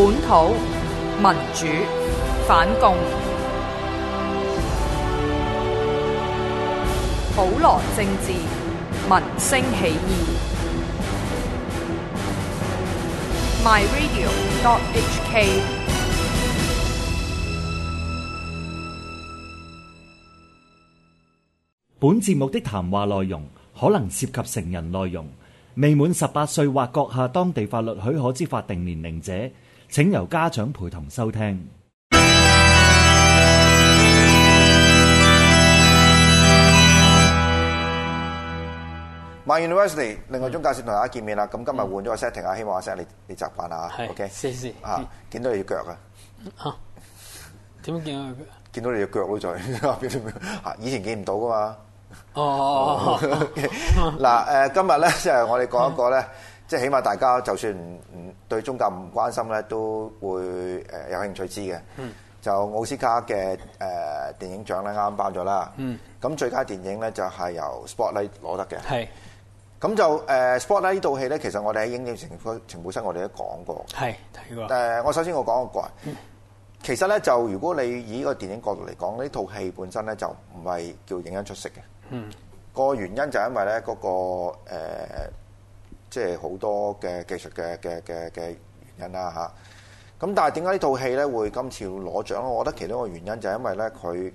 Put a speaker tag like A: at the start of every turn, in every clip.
A: 本土民主反共，普羅政治民聲起義。My Radio. dot H K。
B: 本節目的談話內容可能涉及成人內容，未滿十八歲或閣下當地法律許可之法定年齡者。請由家長陪同收聽。My University，另類宗教史同大家見面啦。咁今日換咗個 setting 啊，希望阿 Zeke 你你習慣啦吓。係，謝謝。吓，見到你隻腳啊？吓，
A: 點樣見到我隻腳？見到你隻腳
B: 咯，在邊度邊度？吓，以前見唔到噶嘛。
A: 哦。
B: 嗱，誒，今日咧即係我哋講一個咧。即係起碼大家就算唔唔對宗教唔關心咧，都會誒有興趣知嘅。嗯，就奧斯卡嘅誒電影獎咧，啱啱頒咗啦。
A: 嗯，
B: 咁最佳電影咧就係由 Spotlight 攞得嘅。係。咁就誒 Spotlight 呢套戲咧，其實我哋喺影音情報情報室我哋都講過。係睇過。誒，我首先我講個個人。嗯。其實咧，就如果你以個電影角度嚟講，呢套戲本身咧就唔係叫影得出色嘅。嗯。個原因就係因為咧嗰個誒。即係好多嘅技術嘅嘅嘅嘅原因啦嚇，咁但係點解呢套戲咧會今次要攞獎咧？我覺得其中一個原因就係因為咧佢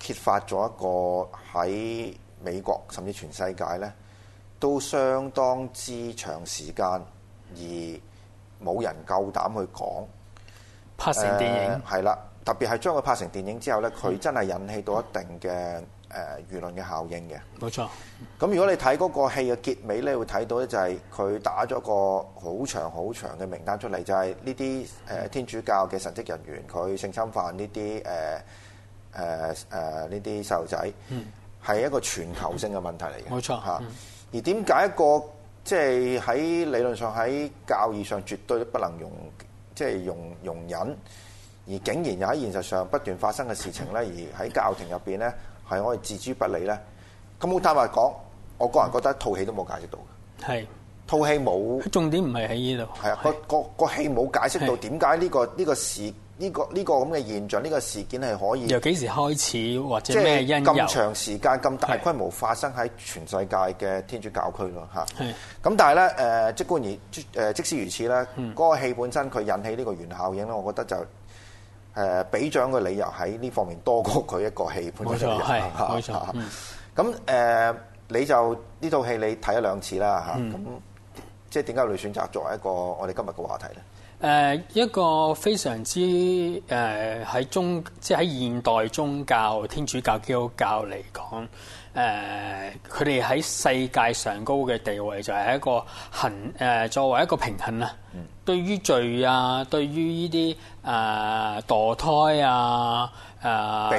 B: 揭發咗一個喺美國甚至全世界咧都相當之長時間而冇人夠膽去講，
A: 拍成電影
B: 係啦、呃，特別係將佢拍成電影之後咧，佢真係引起到一定嘅。誒、呃、輿論嘅效應嘅冇錯。咁如果你睇嗰個戲嘅結尾咧，你會睇到呢，就係佢打咗個好長好長嘅名單出嚟，就係呢啲誒天主教嘅神職人員佢性侵犯呢啲誒誒誒呢啲細路仔，係、嗯、一個全球性嘅問題嚟嘅冇錯嚇、嗯啊。而點解一個即係喺理論上喺教義上絕對不能容即係、即係、容容忍，而竟然又喺現實上不斷發生嘅事情、嗯、在呢？而喺教廷入邊呢？係，我哋置之不理咧。咁好坦白講，我個人覺得套戲都冇解釋到。係套戲冇重點，唔係喺呢度。係啊，個戲冇解釋到點解呢個呢、呢個事呢、呢個呢咁嘅現象，呢、呢個事件係可以由幾時開始或者咩因由？咁、就係、長時間、咁大規模發生喺全世界嘅天主教區咯，吓，咁但係咧、呃，即管而即使如此咧，嗰、嗰個戲本身佢引起呢個原效應咧，我覺得就。誒，俾獎嘅理由喺呢方面多過佢一個戲本身。冇錯，係冇錯。咁誒、嗯，你就呢套戲你睇咗兩次啦嚇。咁即係點解你會選擇作為一個我哋今日嘅話題咧？
A: 誒，一個非常之誒喺宗，即係喺現代宗教、天主教、基督教嚟講。誒、呃，佢哋喺世界上高嘅地位就係一個衡誒，作為一個平衡啊。嗯、對於罪啊，對於呢啲誒墮胎啊。誒，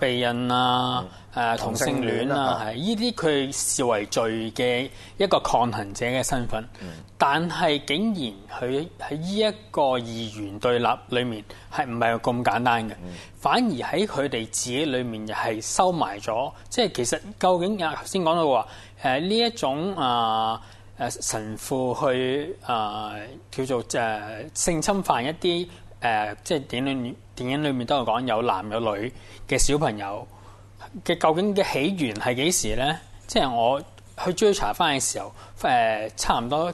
A: 避孕啦，誒同性戀啊，係呢啲佢視為罪嘅一個抗衡者嘅身份，嗯、但係竟然佢喺呢一個二元對立裏面係唔係咁簡單嘅？嗯、反而喺佢哋自己裏面又係收埋咗，即係其實究竟啊頭先講到話誒呢一種啊誒、呃、神父去誒、呃、叫做誒性侵犯一啲。誒，即係電影裏面都有講有男有女嘅小朋友嘅，究竟嘅起源係幾時咧？即係我去追查返嘅時候，誒，差唔多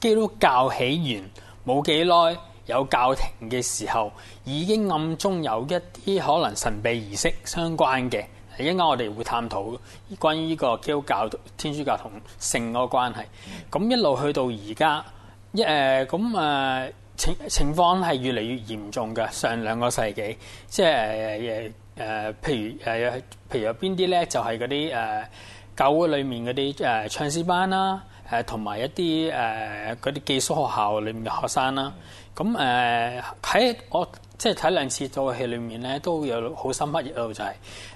A: 基督教起源冇幾耐有教廷嘅時候，已經暗中有一啲可能神秘儀式相關嘅，一陣間我哋會探討關於呢個基督教天主教同性嘅關係。咁一路去到而家，一誒咁誒。情情況係越嚟越嚴重嘅。上兩個世紀，即係、呃呃、譬如誒、呃，譬如有邊啲咧，就係嗰啲誒教會裏面嗰啲誒唱詩班啦、啊，誒同埋一啲嗰啲技術學校裏面嘅學生啦、啊。咁、嗯、喺、呃、我即係睇兩次套戲裏面咧，都有好深刻嘅，就係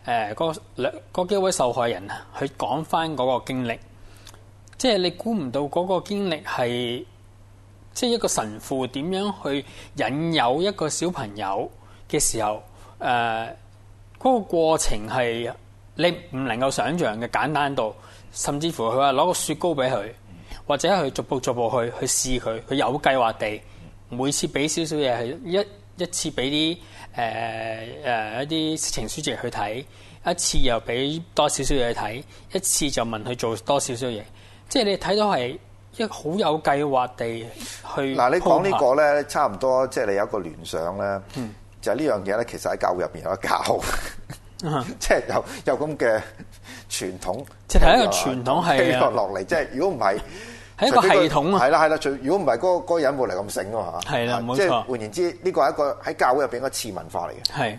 A: 誒嗰兩幾位受害人啊，去講翻嗰個經歷，即係你估唔到嗰個經歷係。即係一個神父點樣去引誘一個小朋友嘅時候，誒、呃、嗰、那個過程係你唔能夠想像嘅簡單度，甚至乎佢話攞個雪糕俾佢，或者去逐步逐步去去試佢，佢有計劃地每次俾少少嘢，係一一次俾啲誒誒一啲、呃、情書籍去睇，一次又俾多少少嘢去睇，一次就問佢做多少少嘢，即係你睇到係。即係好有計劃地去嗱，你講呢、呢個
B: 咧，差唔多即係你有一個聯想咧，嗯、就係呢樣嘢咧，其實喺教會入邊有得教，即、嗯、係 有有咁嘅傳統，即係一個傳統係啊落嚟，即係如果唔係係一個系統啊，係啦係啦，除、啊、如果唔係嗰嗰人冇嚟咁醒啊，係
A: 啦冇錯。換言
B: 之，呢、呢個係一個喺教會入邊一個次文化嚟嘅，係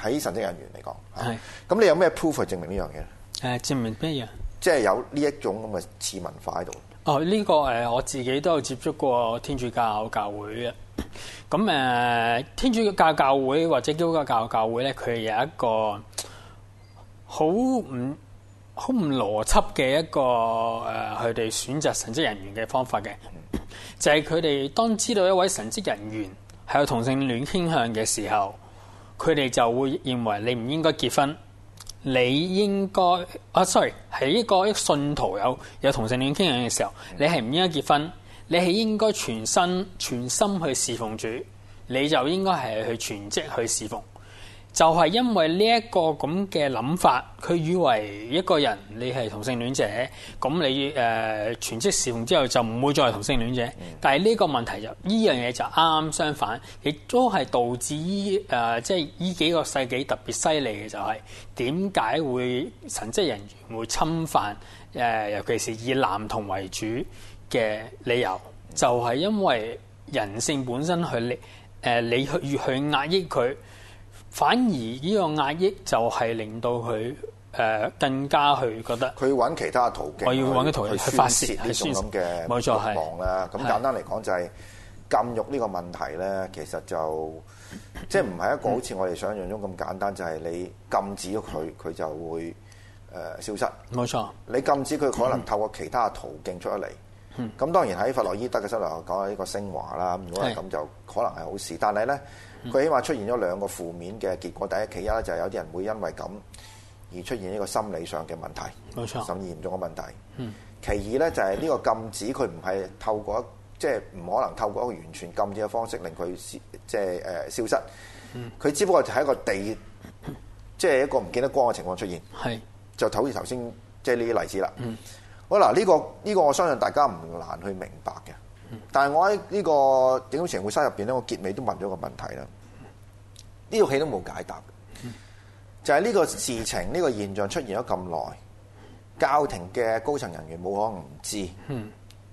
B: 喺、啊、神職人員嚟講係。咁、啊、你有咩 proof 去證明呢樣嘢？誒、
A: 呃，證明咩嘢？
B: 即、就、係、係、有呢一種咁嘅次文化喺度。
A: 哦，呢、這個誒、呃，我自己都有接觸過天主教教會嘅，咁誒、呃，天主教教會或者基督教教會咧，佢有一個好唔好唔邏輯嘅一個誒，佢、呃、哋選擇神職人員嘅方法嘅，就係佢哋當知道一位神職人員係有同性戀傾向嘅時候，佢哋就會認為你唔應該結婚。你應該啊，oh，sorry，喺一個信徒有有同性戀傾向嘅時候，你係唔應該結婚，你係應該全身、全心去侍奉主，你就應該係去全職去侍奉。就係、是、因為呢一個咁嘅諗法，佢以為一個人你係同性戀者，咁你誒、呃、全職侍奉之後就唔會再係同性戀者。但係呢個問題就呢樣嘢就啱啱相反，亦都係導致依誒即係呢幾個世紀特別犀利嘅就係點解會神職人員會侵犯誒、呃，尤其是以男童為主嘅理由，就係、是、因為人性本身係你誒，你越去，去壓抑佢。反而呢個壓抑就係令到佢誒、呃、更加去覺得佢揾其他途徑，我要揾啲途徑去發泄呢一種咁嘅慾望，冇錯，
B: 係。啦，咁簡單嚟講就係禁慾呢個問題咧，其實就即係唔係一個好似我哋想象中咁簡單，嗯、就係、是、你禁止咗佢，佢、嗯、就會誒、呃、消失。冇錯，你禁止佢可能透過其他途徑出嚟。咁、嗯、當然喺弗洛伊德嘅思路講下呢個昇華啦。如果係咁就可能係好事，但係咧。佢起碼出現咗兩個負面嘅結果，第一，其一咧就係有啲人會因為咁而出現呢個心理上嘅問題，冇錯，甚嚴重嘅問題。嗯，其二咧就係呢個禁止佢唔係透過即係唔可能透過一個完全禁止嘅方式令佢消，即係誒消失。嗯，佢只不過就係一個地，即係一個唔見得光嘅情況出現。係，就好似頭先即係呢啲例子啦。嗯，好嗱，呢個呢個我相信大家唔難去明白嘅。但係我喺呢個整個成會室入邊咧，我結尾都問咗個問題啦。呢套戲都冇解答，就係、是、呢個事情呢、這個現象出現咗咁耐，教廷嘅高層人員冇可能唔知，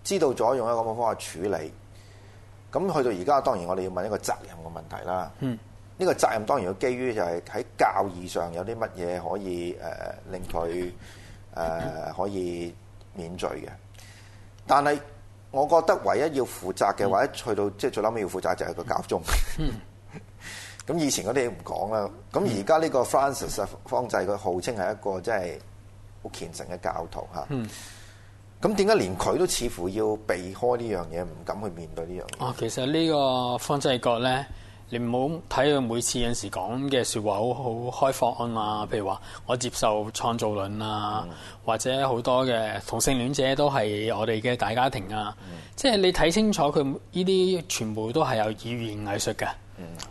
B: 知道咗用一個咁嘅方法處理。咁去到而家，當然我哋要問一個責任嘅問題啦。呢、這個責任當然要基於就係喺教義上有啲乜嘢可以誒、呃、令佢誒、呃、可以免罪嘅，但係。我覺得唯一要負責嘅，或者去到即係最嬲尾要負責，就係個教宗。咁、嗯、 以前嗰啲唔講啦。咁而家呢個 Francis、嗯、方濟，佢號稱係一個即係好虔誠嘅教徒嚇。咁點解連佢都似乎要避開呢樣嘢，唔敢去面對呢樣？
A: 哦，其實呢個方濟各咧。你唔好睇佢每次有時講嘅說話好好開放啊，譬如話我接受創造論啊，或者好多嘅同性戀者都係我哋嘅大家庭啊。即、嗯、係、就是、你睇清楚佢呢啲全部都係有語言藝術嘅，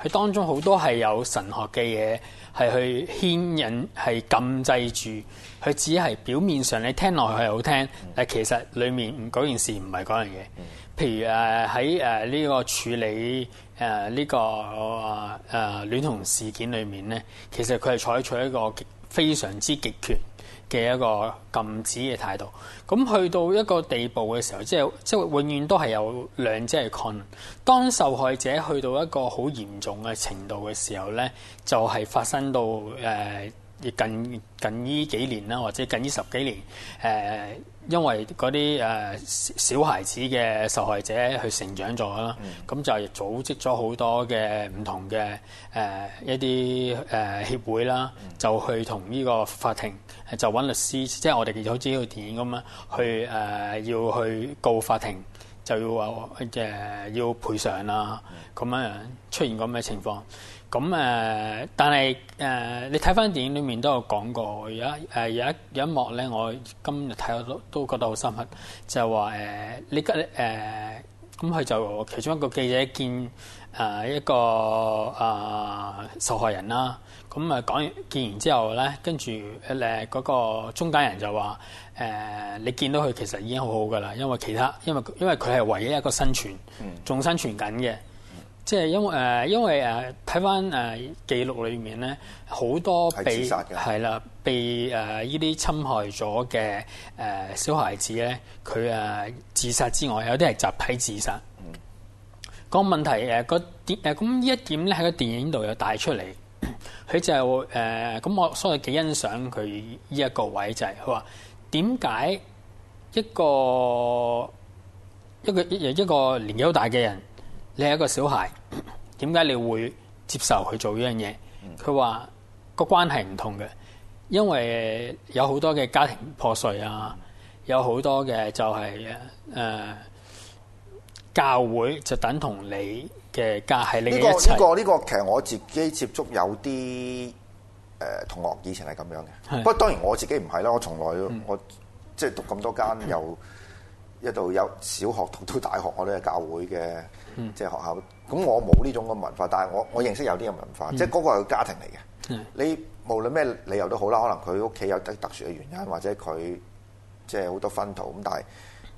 A: 佢當中好多係有神學嘅嘢，係去牽引、係禁制住。佢只係表面上你聽落去係好聽，但其實裏面嗰件事唔係嗰樣嘢。譬如誒喺誒呢個處理誒呢個誒戀童事件裏面咧，其實佢係採取一個非常之極權嘅一個禁止嘅態度。咁去到一個地步嘅時候，即係即係永遠都係有兩者困。當受害者去到一個好嚴重嘅程度嘅時候咧，就係發生到誒近近依幾年啦，或者近依十幾年誒。因為嗰啲誒小孩子嘅受害者去成長咗啦，咁就組織咗好多嘅唔同嘅誒一啲誒協會啦，就去同呢個法庭，就揾律師，即係我哋見好似呢個電影咁啊，去誒、呃、要去告法庭，就要話誒、呃、要賠償啊，咁啊出現咁嘅情況。咁、嗯、誒，但係誒、呃，你睇翻電影裏面都有講過，而家誒有一、呃、有一幕咧，我今日睇到都都覺得好深刻，就係話誒，你跟誒，咁、呃、佢就其中一個記者見誒、呃、一個誒、呃、受害人啦，咁啊講見完之後咧，跟住誒嗰個中間人就話誒、呃，你見到佢其實已經好好噶啦，因為其他因為因為佢係唯一一個生存，仲生存緊嘅。即係因為誒，因為誒，睇翻誒記錄裏面咧，好多被係啦，被誒呢啲侵害咗嘅誒小孩子咧，佢誒自殺之外，有啲係集體自殺。嗯，那個問題誒個點咁呢一點咧喺個電影度又帶出嚟。佢就誒咁，呃、我所謂幾欣賞佢呢、就是、一個位就係佢話點解一個一個一個年紀好大嘅人。你係一個小孩，點解你會接受去做呢樣嘢？佢話個關係唔同嘅，因為有好多嘅家庭破碎啊，有好多嘅就係、是、誒、呃、教會就等同你嘅家係呢、這個呢、這個
B: 呢、這個，其實我自己接觸有啲誒、呃、同學以前係咁樣嘅，不過當然我自己唔係啦，我從來、嗯、我即係讀咁多間有一度有小學讀到大學，我都係教會嘅。即、嗯、係學校，咁我冇呢種嘅文化，但係我我認識有啲嘅文化，嗯、即係嗰個係家庭嚟嘅、嗯。你無論咩理由都好啦，可能佢屋企有特殊嘅原因，或者佢即係好多分道咁，但係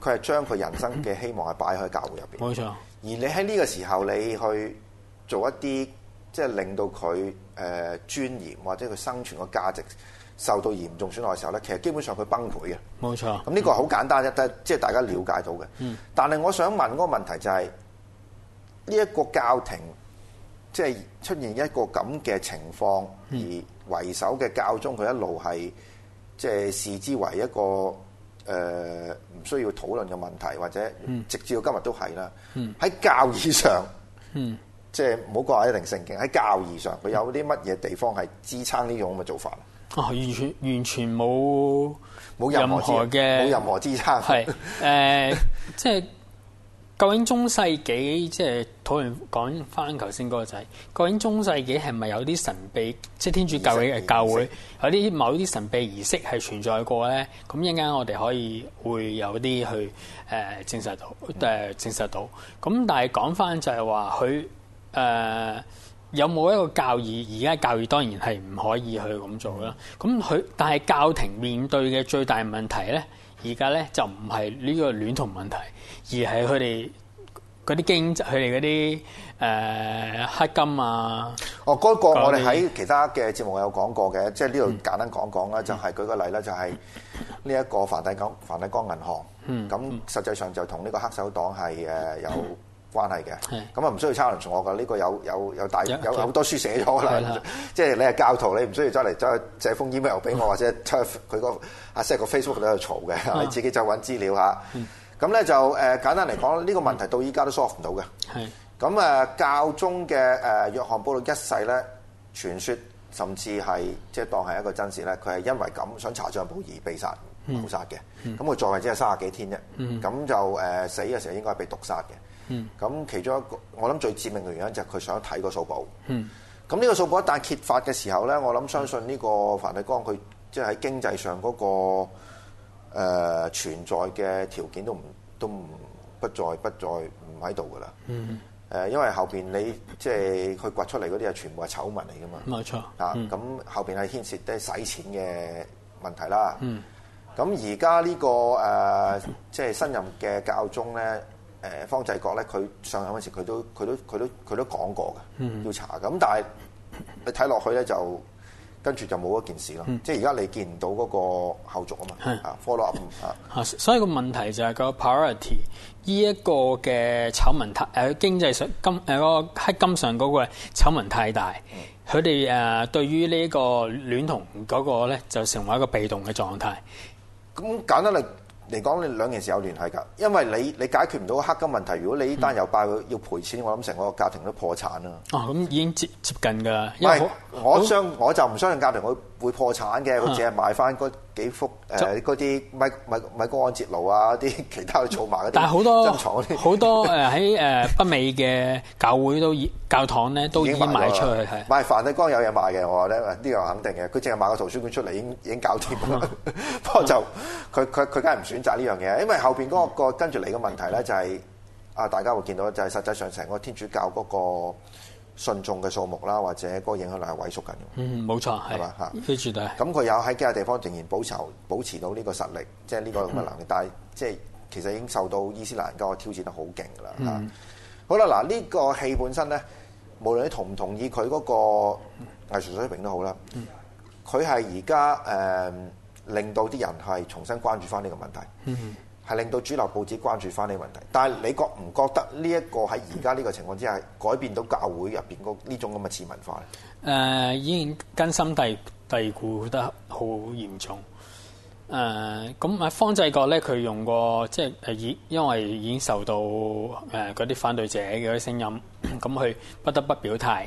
B: 佢係將佢人生嘅希望係擺喺教會入面。冇錯。而你喺呢個時候，你去做一啲即係令到佢專、呃、尊嚴或者佢生存個價值受到嚴重損害嘅時候咧，其實基本上佢崩潰嘅。
A: 冇錯。咁
B: 呢個好簡單啫、嗯，即係即大家了解到嘅、嗯。但係我想問嗰個問題就係、是。呢、這、一個教廷，即係出現一個咁嘅情況，而為首嘅教宗佢一路係即係視之為一個誒唔、呃、需要討論嘅問題，或者直至到今日都係啦。喺、嗯、教義上，嗯、即係唔好講話一定聖經。喺教義上，佢有啲乜嘢地方係支撐呢種咁嘅做法？啊、哦，
A: 完全完全冇冇任何嘅
B: 冇任何支撐。
A: 係誒，呃、 即係。究竟中世紀即係討論講翻頭先嗰個仔，究竟中世紀係咪有啲神秘，即係天主教會嘅教會有啲某啲神秘儀式係存在過咧？咁一陣間我哋可以會有啲去誒、呃、證實到，誒、呃、證實到。咁但係講翻就係話佢誒有冇一個教義？而家教義當然係唔可以去咁做啦。咁、嗯、佢但係教廷面對嘅最大問題咧？而家咧就唔係呢個孌童問題，而係佢哋嗰啲經濟，佢哋嗰啲誒黑金啊。哦，嗰、那個我哋喺
B: 其他嘅節目裡有講過嘅、嗯，即係呢度簡單講講啦，就、嗯、係舉個例啦、就是，就係呢一個梵蒂岡梵蒂岡銀行，咁實際上就同呢個黑手黨係誒有。關係嘅，咁啊唔需要差人重我噶，呢、這個有有有大有好多書寫咗啦。即係你係教徒，你唔需要走嚟走去借封 email 俾我，或者佢、那個阿 Sir 個 Facebook 喺度嘈嘅，你自己就揾資料下。咁咧就誒、呃、簡單嚟講，呢、這個問題到依家都 soft 唔到嘅。咁啊、呃，教宗嘅誒、呃、約翰保羅一世咧，傳說甚至係即係當係一個真事咧，佢係因為咁想查帳簿而被殺謀殺嘅。咁佢、嗯、在位只係卅幾天啫，咁、嗯、就、呃、死嘅時候應該係被毒殺嘅。咁、嗯、其中一個，我諗最致命嘅原因就係佢想睇個數簿。咁呢個數簿一旦揭發嘅時候咧，我諗相信呢個梵蒂岡佢即係喺經濟上嗰、嗰個、呃、存在嘅條件都唔都唔不再不再唔喺度噶啦。誒、嗯，因為後邊你即係佢掘出嚟嗰啲係全部係醜聞嚟噶嘛。冇錯、
A: 嗯。啊，咁
B: 後邊係牽涉啲洗錢嘅問題啦。咁而家呢個誒即係新任嘅教宗咧。呃、方濟國咧，佢上任嗰時，佢都佢都佢都佢都講過嘅，要查咁。但係你睇落去咧，跟着就跟住就冇一件事咯。嗯、即係而家你見唔到嗰個後續啊嘛，係 follow up。
A: 所以個問題就係、是那個 priority 呢一個嘅醜、呃呃、醜聞太誒經濟上金誒個喺金上嗰個醜聞太大，佢哋誒對於呢個戀童嗰個咧就成為一個被動嘅狀態。咁、嗯、簡單嚟嚟講，你兩件
B: 事有聯繫㗎，因為你你解決唔到黑金問題，如果你依單又爆佢要賠錢，我諗成個家庭都破產啦。哦，咁已經接接近㗎。唔係，我相我就唔相信家庭會。會破產嘅，佢只係賣翻嗰幾幅誒，嗰、嗯、啲、呃、米米，米，米，米高安捷奴啊，啲其他儲埋嗰啲，但係好多
A: 好多誒喺北美嘅教會都已 教堂咧都已經賣出去係。
B: 買梵蒂岡有嘢賣嘅，我話咧呢個肯定嘅。佢淨係賣個圖書館出嚟，已經已經搞掂啦。嗯、 不過就佢佢佢梗係唔選擇呢樣嘢，因為後面嗰、那個、嗯、跟住嚟嘅問題咧就係、是、啊，大家會見到就係實際上成個天主教嗰、那個。信眾嘅數目啦，或者個影響力係萎縮緊嘅。
A: 嗯，冇錯，係嘛嚇，
B: 絕對。咁佢有喺幾個地方仍然保持保持到呢個實力，即係呢個能力、嗯。但係即係其實已經受到伊斯蘭教挑戰得好勁㗎啦。好啦，嗱，呢、呢個戲本身咧，無論你同唔同意佢嗰個藝術水平都好啦，佢係而家誒令到啲人係重新關注翻呢個問題。嗯係令到主流報紙關注翻呢個問題，但係你覺唔覺得呢、這、一個喺而家呢個情況之下，改變到教會入面個呢種咁嘅次文化咧？
A: 誒、呃，已經根深蒂蒂固得好嚴重。咁、呃、啊，方制各咧，佢用過即係因因為已經受到嗰啲、呃、反對者嘅聲音，咁佢不得不表態。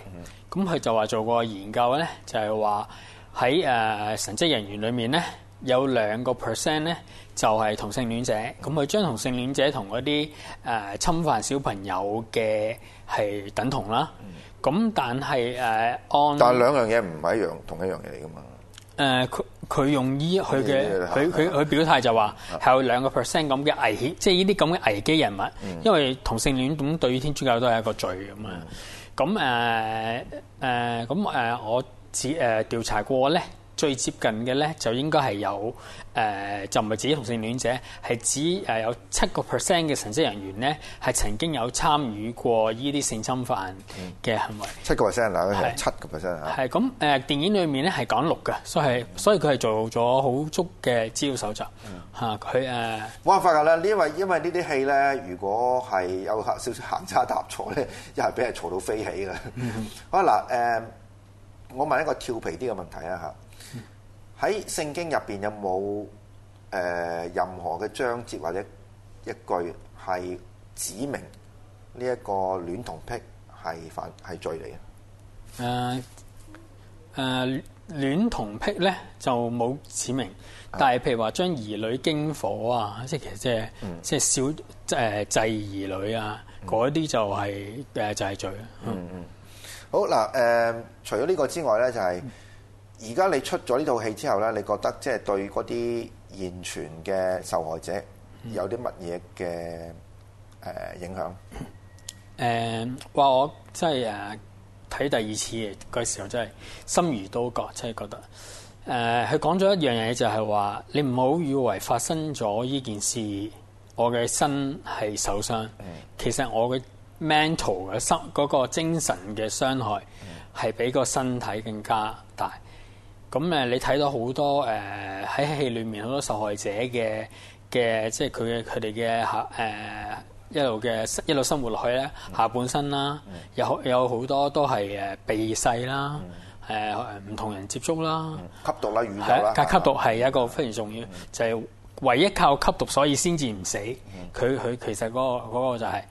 A: 咁、嗯、佢就話做過研究咧，就係話喺神職人員裏面咧。有兩個 percent 咧，就係、是、同性戀者，咁佢將同性戀者同嗰啲誒侵犯小朋友嘅係等同啦。咁但係誒按，但兩樣
B: 嘢唔係一樣同一樣嘢嚟㗎嘛？誒，佢
A: 佢用依佢嘅佢佢佢表態就話係有兩個 percent 咁嘅危險，即係呢啲咁嘅危機人物，嗯、因為同性戀咁對於天主教都係一個罪咁啊。咁誒誒咁誒，我自誒、呃、調查過咧。最接近嘅咧，就應該係有誒、呃，就唔係指同性戀者，係指誒有七個 percent 嘅神績人員咧，係曾經有參與過呢啲性侵犯嘅行
B: 為。七個 percent 嗱，係七個 percent 嚇。係
A: 咁誒，電影裏面咧係講六嘅，所以所以佢係做咗好足嘅資料搜集嚇，佢誒冇辦
B: 法㗎啦，因為因為呢啲戲咧，如果係有少少行差踏錯咧，又係俾人嘈到飛起嘅。嗯、好啦，誒、呃，我問一個調皮啲嘅問題啊嚇。喺聖經入邊有冇誒、呃、任何嘅章節或者一句係指明呢一個戀童癖係犯係罪嚟嘅？
A: 誒、啊、誒、啊、戀童癖咧就冇指明，啊、但係譬如話將兒女經火啊，即係其實即係即係小誒制兒女啊，嗰啲就係、是、誒、嗯、就係罪。嗯嗯好，好嗱誒，除
B: 咗呢個之外咧，就係、是。而家你出咗呢套戲之後咧，你覺得即係對嗰啲現存嘅受害者有啲乜嘢嘅誒影響？
A: 誒、嗯，話、嗯、我即係誒睇第二次嘅時候，真係心如刀割，真係覺得誒。佢講咗一樣嘢，就係、是、話你唔好以為發生咗呢件事，我嘅身係受傷，嗯、其實我嘅 mental 嘅心嗰個精神嘅傷害係、嗯、比個身體更加。咁你睇到好多誒喺、呃、戲裏面好多受害者嘅嘅，即係佢嘅佢哋嘅下一路嘅一路生活落去咧，下半身啦、嗯，有有好多都係誒避世啦，唔、嗯呃、同人接觸啦、嗯，吸毒啦，與毒啦，吸吸毒係一個非常重要、嗯嗯，就係、係、唯一靠吸毒所以先至唔死。佢、嗯、佢其實嗰、嗰個嗰、嗰個、就係、係、誒、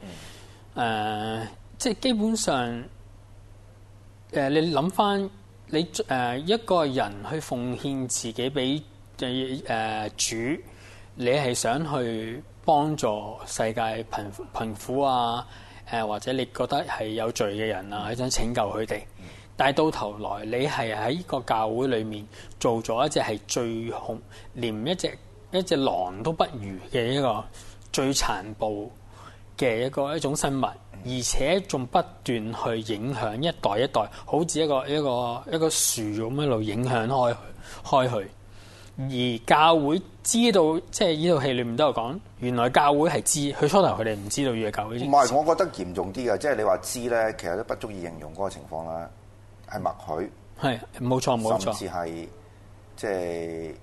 A: 嗯呃，即係基本上你諗翻。你、呃、一個人去奉獻自己俾、呃、主，你係想去幫助世界貧貧苦啊、呃？或者你覺得係有罪嘅人啊，你想拯救佢哋、嗯？但係到頭來，你係喺個教會裏面做咗一隻係最紅，連一隻一隻狼都不如嘅一個最殘暴嘅一個一種生物。而且仲不斷去影響一代一代，好似一個一個一個樹咁一路影響開去，開去。而教會知道，即係呢套戲裏面都有講，原來教會係知，佢初頭佢哋唔知道要教會。唔係，
B: 我覺得嚴重啲呀，即係你話知咧，其實都不足以形容嗰個情況啦，係默許。
A: 係，冇錯冇錯，甚至
B: 係即係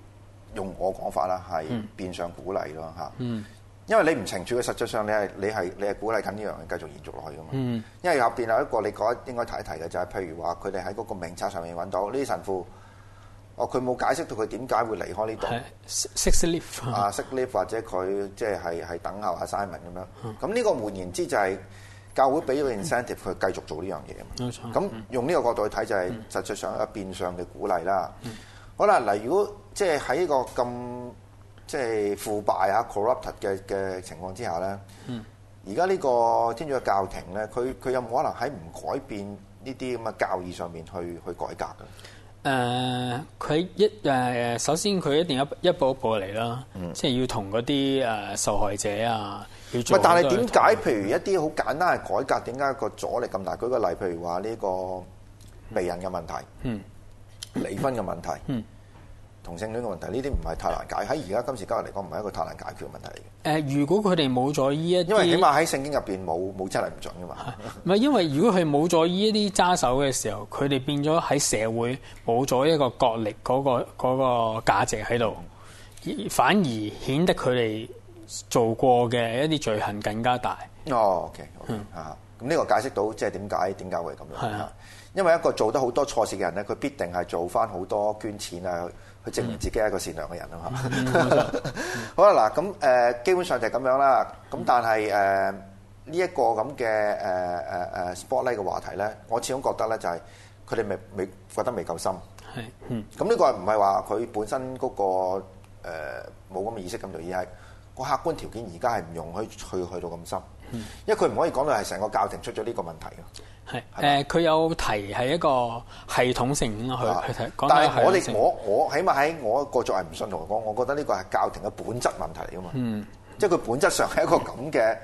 B: 用我講法啦，係變相鼓勵咯嚇。嗯嗯。因為你唔懲處佢，實際上你係你係你係鼓勵緊呢樣嘢繼續延續落去嘅嘛。嗯、因為入邊有一個你覺得應該提一提嘅就係，譬如話佢哋喺嗰個名冊上面揾到呢啲神父，哦佢冇解釋到佢點解會離開呢度。啊
A: ，sick leave uh,
B: sick leave, 或者佢即係係係等候阿 Simon 咁樣。咁呢個換言之就係教會俾個 incentive 佢、嗯、繼續做呢樣嘢。冇、嗯、咁用呢個角度去睇就係、是、實際上一變相嘅鼓勵啦。嗯、好啦，嗱如果即係喺個咁。即係腐敗啊、corrupt 嘅嘅情況之下咧，而家呢個天主教廷咧，佢佢有冇可能喺唔改變呢啲咁嘅教義上面去去改革咧？
A: 誒、呃，佢一誒、呃，首先佢一定一一步一步嚟啦，嗯、即係要同嗰啲誒受害者啊，唔但係點解
B: 譬如一啲好簡單嘅改革，點解個阻力咁大？舉個例，譬如話呢個避孕嘅問題，嗯，離婚嘅問題，嗯,嗯。同性戀個問題，呢啲唔係太難解。喺而家今時今日嚟講，唔係一個太難解決嘅問題。誒、呃，如果佢哋冇咗呢一因為起碼喺聖經入邊冇冇真係唔準嘅嘛。
A: 唔係， 因為如果佢冇咗呢一啲揸手嘅時候，佢哋變咗喺社會冇咗一個角力嗰、嗰個嗰、嗰個價值喺度，反而顯得佢哋做過嘅一啲罪行更加大。哦
B: ，OK，o、okay, okay, 嗯、啊，咁呢個解釋到即係點解點解會咁樣？因為一個做得好多錯事嘅人咧，佢必定係做翻好多捐錢啊，去證明自己係一個善良嘅人啊。嚇、嗯。嗯嗯、 好啦嗱，咁誒、呃、基本上就係咁樣啦。咁但係誒呢一個咁嘅誒誒誒 Spotlight 嘅話題咧，我始終覺得咧就係佢哋未未，未覺得未夠深。係，咁、嗯、呢、這個唔係話佢本身嗰、那個冇咁嘅意識咁，而係個客觀條件而家係唔容許去去到咁深。因為佢唔可以講到係成個教廷出咗呢個問題
A: 㗎。係，誒，佢、呃、有提係一個系統性咁去去睇。但係我哋我
B: 我起碼喺我個作為唔信徒嚟講，我覺得呢個係教廷嘅本質問題嚟㗎嘛。嗯。即係佢本質上係一個咁嘅、嗯，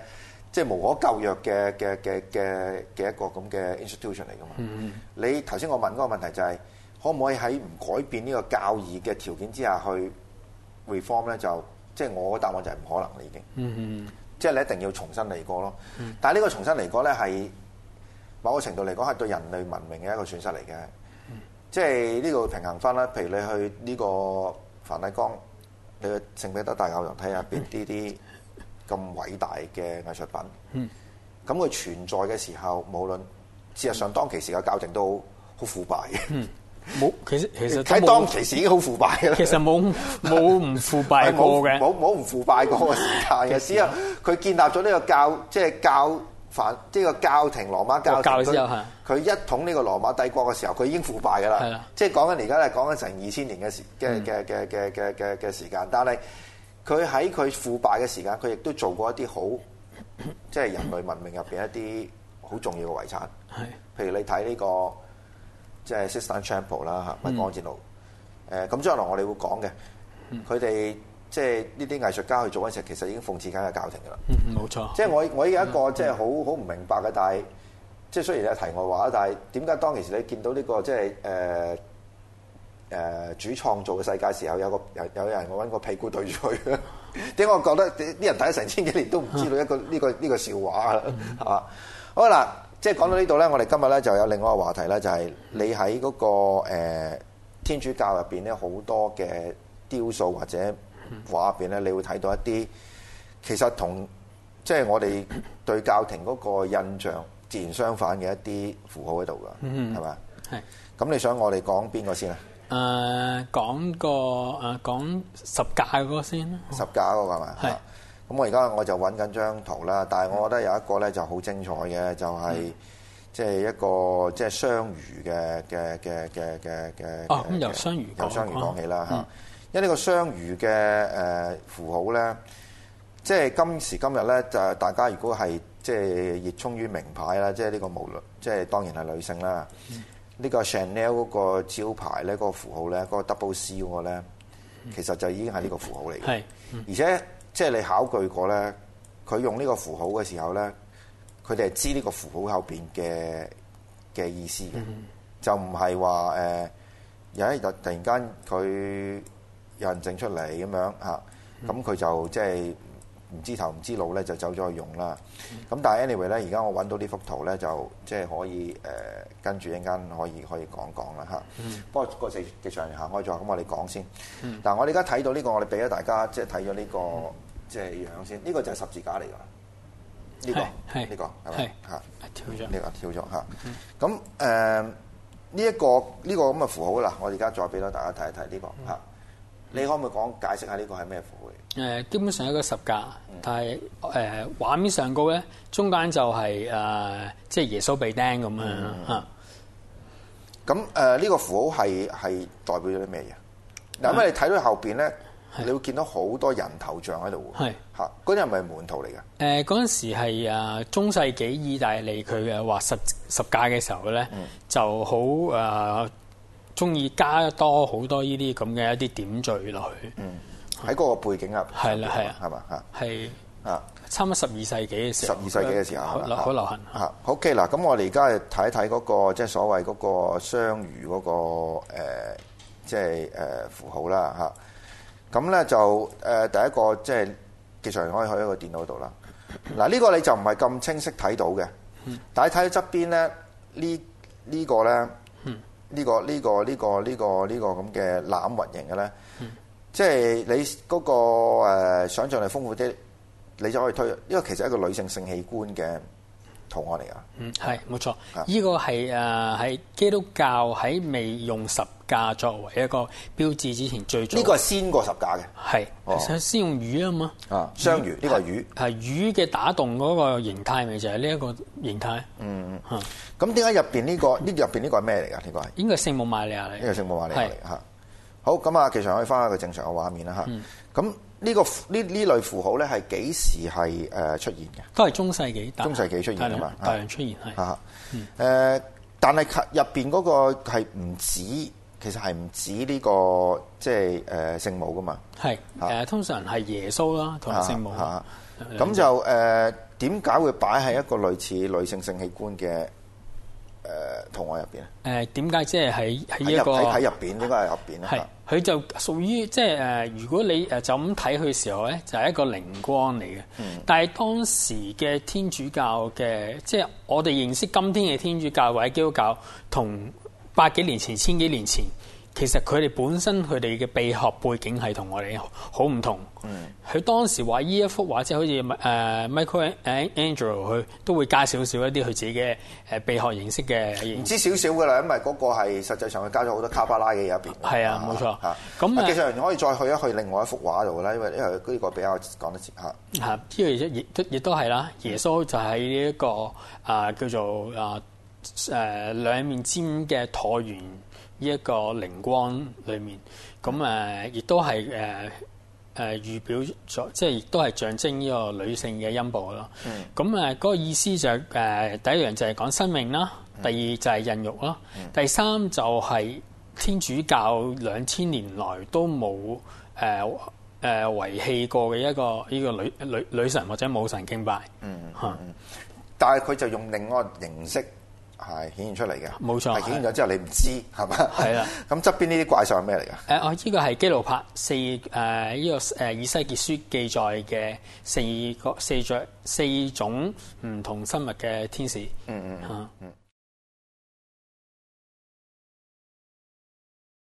B: 即係無可救藥嘅嘅嘅嘅嘅一個咁嘅 institution 嚟㗎嘛。你頭先我問嗰個問題就係、是，可唔可以喺唔改變呢個教義嘅條件之下去 reform 咧？就即係我嘅答案就係唔可能啦已經。嗯哼。即係你一定要重新嚟過咯，嗯、但係呢個重新嚟過咧，係某個程度嚟講係對人類文明嘅一個損失嚟嘅。嗯、即係呢個平衡翻啦，譬如你去呢個梵蒂岡，你去聖彼得大教堂睇下邊啲啲咁偉大嘅藝術品，咁、嗯、佢存在嘅時候，無論事實上當其時嘅教廷都好腐敗嘅。冇、嗯，其實其實喺當其時已經好腐敗嘅啦。
A: 其實冇冇唔腐敗過嘅，
B: 冇冇唔腐敗個時代嘅時候。佢建立咗呢個教，即係教反，即係個教廷羅馬教廷。佢佢一統呢個羅馬帝國嘅時候，佢已經腐敗㗎啦。係啦。即係講緊而家咧，講緊成二千年嘅時嘅嘅嘅嘅嘅嘅嘅時間。但係佢喺佢腐敗嘅時間，佢亦都做過一啲好，即係人類文明入邊一啲好重要嘅遺產。係。譬如你睇呢個即係 Sistine Chapel 啦，嚇，米高安哲羅。誒，咁將來我哋會講嘅，佢哋。即係呢啲藝術家去做嘅時候，其實已經諷刺緊嘅教廷噶啦。
A: 冇錯。
B: 即係我我有一個即係好好唔明白嘅，但係即係雖然係題外話，但係點解當其時你見到呢、呢個即係誒誒主創造嘅世界嘅時候，有一個有有人我揾個屁股對住佢？點解 我覺得啲人睇咗成千幾年都唔知道一個呢個呢個笑話啊？嗯、 好啦，即係講到呢度咧，我哋今日咧就有另外一個話題咧，就係、係、你喺嗰、嗰個、呃、天主教入邊咧，好多嘅雕塑或者。嗯、畫入邊咧，你會睇到一啲其實同即係我哋對教廷嗰個印象、嗯、自然相反嘅一啲符號喺度㗎，係、嗯、嘛？咁你想我哋講邊個先
A: 講、呃、個講、啊、十架嗰個先十架嗰、嗰個係嘛？咁我而
B: 家我就揾緊張圖啦，但係我覺得有一個呢就好精彩嘅、嗯，
A: 就係即係一
B: 個即係雙魚嘅嘅嘅嘅嘅嘅。哦，咁
A: 由雙魚由雙魚講
B: 起啦，嚇、嗯。因呢個雙魚嘅誒、呃、符號咧，即係今時今日咧，就大家如果係即係熱衷於名牌啦，即係呢個無論，即係當然係女性啦。呢、嗯呢個 Chanel 嗰個招牌咧，嗰、嗰個符號咧，嗰、嗰個 Double C 個咧，其實就已經係呢個符號嚟嘅。係、嗯，而且即係你考據過咧，佢用呢個符號嘅時候咧，佢哋係知呢個符號後邊嘅嘅意思嘅、嗯嗯，就唔係話誒有一日突然間佢。有人整出嚟咁樣嚇，咁、嗯、佢、嗯、就即係唔知頭唔知路咧，就走、是、咗去用啦。咁、嗯、但係 anyway 咧，而家我揾到呢幅圖咧，就即係、就是、可以誒、呃、跟住陣間可以可以講講啦嚇、嗯。不過個四嘅上行開咗，咁我哋講先、嗯。但我哋而家睇到呢、這個，我哋俾咗大家即係睇咗呢個即係樣先。呢、這個就係十字架嚟㗎，呢、這個係呢、這個係嚇、這個這個、跳咗呢、這個跳咗嚇。咁誒呢一個呢、這個咁嘅符號啦，我而家再俾多大家睇一睇呢個嚇。嗯。你可唔可以講，解釋下呢個係咩符號？
A: 誒，基本上一個十架，但係畫面上高咧，中間就係即係耶穌被釘咁樣啦，
B: 咁呢個符號係代表咗啲咩嘢？嗱，你睇到後面咧，你會見到好多人頭像喺度喎。係，嗰啲係咪門徒嚟㗎？嗰、
A: 呃、陣時係中世紀意大利佢嘅畫十十架嘅時候咧、嗯，就好中意加多好多呢啲咁嘅一啲點綴落去、嗯，喺嗰個背景入啊，係啦，係啊，係嘛，係啊，差唔多十二世紀嘅時候，十二世紀嘅時候，好流行，
B: 啊，好，OK 嗱，咁我哋而家嚟睇一睇嗰個即係所謂嗰個雙魚嗰個即係誒符號啦，嚇、呃，咁咧就誒第一個、就是、即係其實可以去一個電腦度啦，嗱、呃、呢、呢個你就唔係咁清晰睇到嘅，但係睇到側邊咧呢、這個這個、呢個咧。呢、這個呢、這個呢、這個呢、這個呢個咁嘅攬物型嘅咧，即、嗯、係你嗰個想像力豐富啲，你就可以推，因為其實係一個女性性器官嘅圖案嚟噶。嗯，
A: 係，冇錯，呢、這個係誒係基督教喺未用十價作為一個標誌之前最，最、這、呢個係
B: 先過十架嘅，係、哦、其實
A: 先用魚啊嘛，
B: 啊雙魚呢個係魚，
A: 係魚嘅打動，嗰個形態咪就係呢一個形態。嗯，咁
B: 點解入邊呢個呢，入邊呢個係咩嚟噶？呢、這個係
A: 應該聖母瑪利亞嚟，應該
B: 聖母瑪利亞嚟吓。好，咁啊，其實可以翻下個正常嘅畫面啦吓。咁呢、嗯，這個呢，呢類符號咧係幾時係誒出現嘅？都係中世紀，中世紀出現噶嘛，大量出現係。誒、嗯，但係入邊嗰個係唔止。其實係唔止呢個即係誒、呃、聖母噶嘛，
A: 係誒通常係耶穌啦同埋聖母的，咁、啊啊啊嗯、
B: 就誒點解會擺喺一個類似女性性器官嘅誒圖案入邊咧？
A: 誒點解即係喺喺一個喺入邊？入面入面啊、入
B: 面呢個係入邊？係
A: 佢就屬於即係誒，如果你誒就咁睇佢嘅時候咧，就係、是、一個靈光嚟嘅。嗯、但係當時嘅天主教嘅，即、就、係、是、我哋認識今天嘅天主教或者基督教同。百幾年前、千幾年前，其實佢哋本身佢哋嘅秘學背景係同我哋好唔同。嗯，佢當時話依一幅畫即係好似誒 Michael Angel 佢都會加少少一啲佢自己嘅誒秘學形式嘅。唔知少
B: 少㗎啦，因為嗰個係實際上佢加咗好多卡巴拉嘅嘢入邊。係啊，冇錯。嚇、嗯，咁其實可以再去一去另外一幅畫度啦，因為因為呢個比較講得切嚇。
A: 嚇、嗯，即係亦都亦都係啦，耶穌就喺呢一個啊叫做啊。誒、呃、兩面尖嘅橢圓呢一個靈光裏面，咁誒亦都係誒誒預表咗，即係亦都係象徵呢個女性嘅陰部咯。咁誒嗰個意思就係、是、誒、呃、第一樣就係講生命啦，第二就係孕育啦、嗯，第三就係天主教兩千年來都冇誒誒遺棄過嘅一個呢個女女女神或者母神敬拜。嗯，嚇、嗯嗯嗯，
B: 但係佢就用另外一個形式。係顯現出嚟嘅，
A: 冇錯係顯現咗之後你
B: 不，你唔知係嘛？係啦。咁側 邊呢啲怪獸係咩嚟噶？
A: 誒、呃，我依個係基路帕四誒依個誒以西結書記載嘅四個四隻四種唔同生物嘅天使。嗯嗯。嗯。